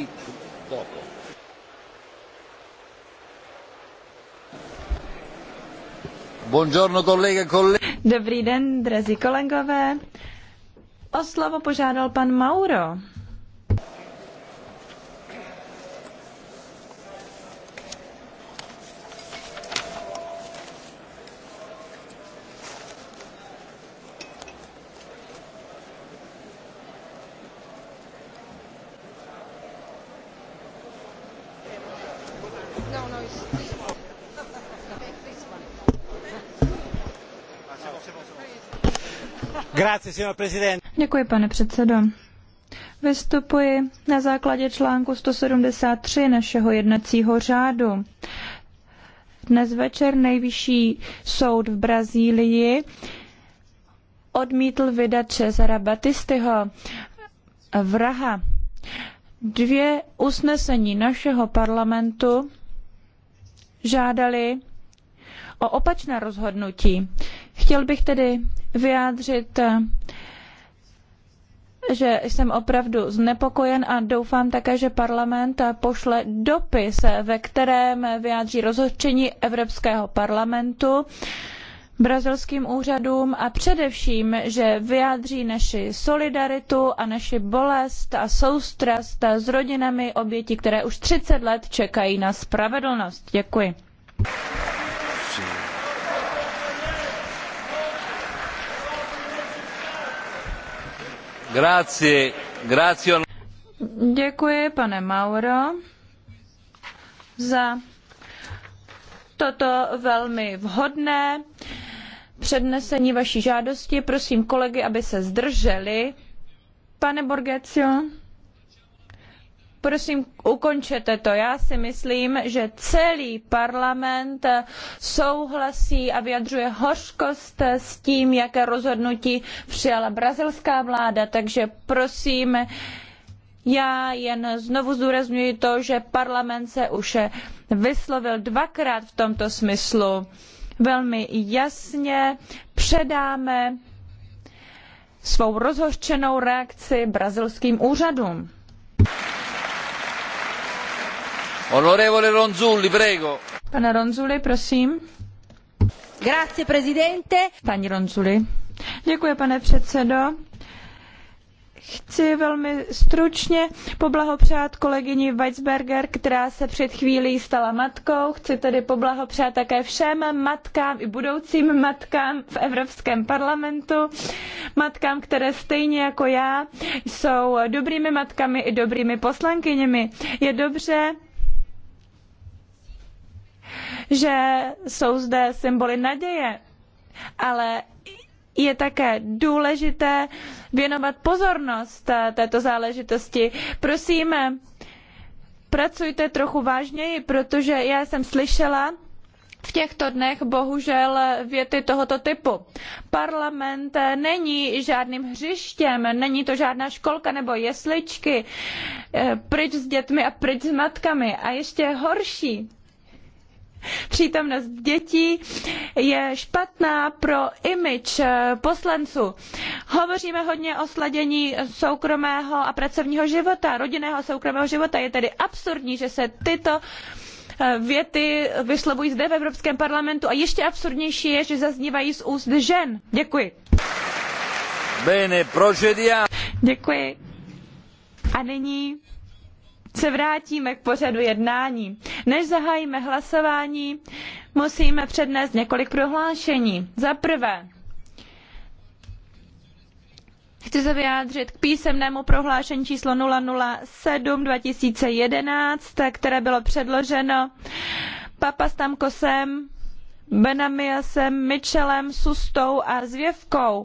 dopo. Buongiorno e Dobrý den, drazí kolegové. O slovo požádal pan Mauro. No, no, it's this one. this one. Děkuji, pane předsedo. Vystupuji na základě článku 173 našeho jednacího řádu. Dnes večer nejvyšší soud v Brazílii odmítl vydat Cezara Batistyho vraha. Dvě usnesení našeho parlamentu žádali o opačná rozhodnutí. Chtěl bych tedy vyjádřit, že jsem opravdu znepokojen a doufám také, že parlament pošle dopis, ve kterém vyjádří rozhořčení Evropského parlamentu brazilským úřadům a především, že vyjádří naši solidaritu a naši bolest a soustrast s rodinami obětí, které už 30 let čekají na spravedlnost. Děkuji. Grazie. Grazie. Děkuji, pane Mauro, za toto velmi vhodné přednesení vaší žádosti. Prosím kolegy, aby se zdrželi. Pane Borgecio, prosím, ukončete to. Já si myslím, že celý parlament souhlasí a vyjadřuje hořkost s tím, jaké rozhodnutí přijala brazilská vláda. Takže prosím, já jen znovu zdůrazňuji to, že parlament se už vyslovil dvakrát v tomto smyslu velmi jasně předáme svou rozhořčenou reakci brazilským úřadům. Onorevole Ronzulli, prego. Pane Ronzulli, prosím. Grazie, presidente. Paní Ronzulli. Děkuji, pane předsedo chci velmi stručně poblahopřát kolegyni Weisberger, která se před chvílí stala matkou. Chci tedy poblahopřát také všem matkám i budoucím matkám v Evropském parlamentu. Matkám, které stejně jako já jsou dobrými matkami i dobrými poslankyněmi. Je dobře, že jsou zde symboly naděje, ale je také důležité věnovat pozornost eh, této záležitosti. Prosím, eh, pracujte trochu vážněji, protože já jsem slyšela, v těchto dnech bohužel věty tohoto typu. Parlament eh, není žádným hřištěm, není to žádná školka nebo jesličky, pryč s dětmi a pryč s matkami. A ještě horší, přítomnost dětí je špatná pro image eh, poslanců. Hovoříme hodně o sladění soukromého a pracovního života, rodinného a soukromého života. Je tedy absurdní, že se tyto eh, věty vyslovují zde v Evropském parlamentu a ještě absurdnější je, že zaznívají z úst žen. Děkuji. Bene, Děkuji. A nyní se vrátíme k pořadu jednání. Než zahájíme hlasování, musíme přednést několik prohlášení. Za prvé, Chci se vyjádřit k písemnému prohlášení číslo 007 2011, které bylo předloženo Papastamkosem, Benamiasem, Mitchellem, Sustou a Zvěvkou.